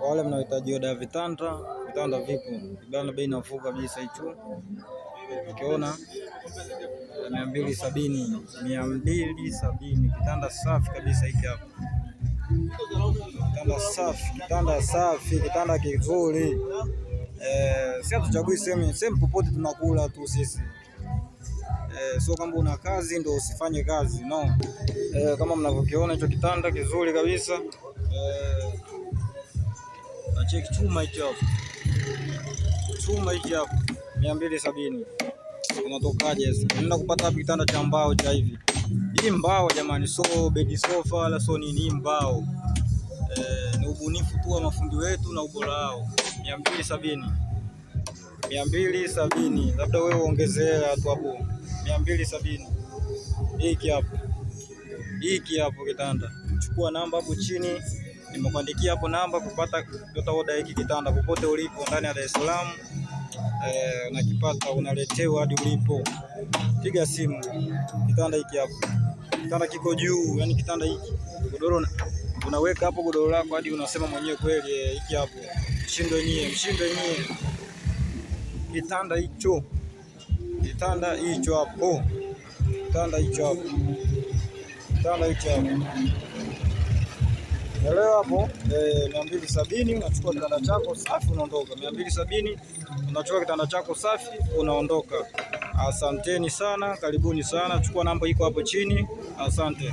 Kwa wale mnaohitaji oda ya vitanda, vitanda vipo bana, bei nafuu kabisa. Hicho ukiona mia mbili sabini mia mbili sabini kitanda safi kabisa. Hiki hapa kitanda safi, kitanda safi, kitanda kizuri. Eh, si hatuchagui sehemu, sehemu popote tunakula tu sisi. Eh, sio kama una kazi ndio usifanye kazi no. Eh, kama mnavyokiona hicho kitanda kizuri kabisa eh, Unacheki chuma hicho hapo. Chuma hicho hapo. sabini Unatokaje sasa? Unaenda kupata kitanda cha mbao cha hivi. Hii mbao jamani, so bedi sofa wala so nini mbao. Eh, ni ubunifu tu wa mafundi wetu na ubora wao. mbili sabini Labda wewe uongezea tu hapo. sabini Hiki hapo. Hiki hapo kitanda. Chukua namba hapo chini. Nimekuandikia hapo namba kupata kupata oda hiki kitanda popote ulipo ndani ya Dar es Salaam. Eh, unakipata unaletewa hadi ulipo. Piga simu. Kitanda hiki hapo. Kitanda kiko juu, yani kitanda hiki. Godoro unaweka hapo godoro lako hadi unasema mwenyewe kweli eh, hiki hapo. Mshindo nyie, mshindo nyie. Kitanda hicho. Kitanda hicho hapo. Kitanda hicho hapo. Kitanda hicho hapo. Leo hapo eh, mia mbili sabini unachukua kitanda chako safi unaondoka. mia mbili sabini unachukua kitanda chako safi unaondoka. Asanteni sana, karibuni sana. Chukua namba iko hapo chini. Asante.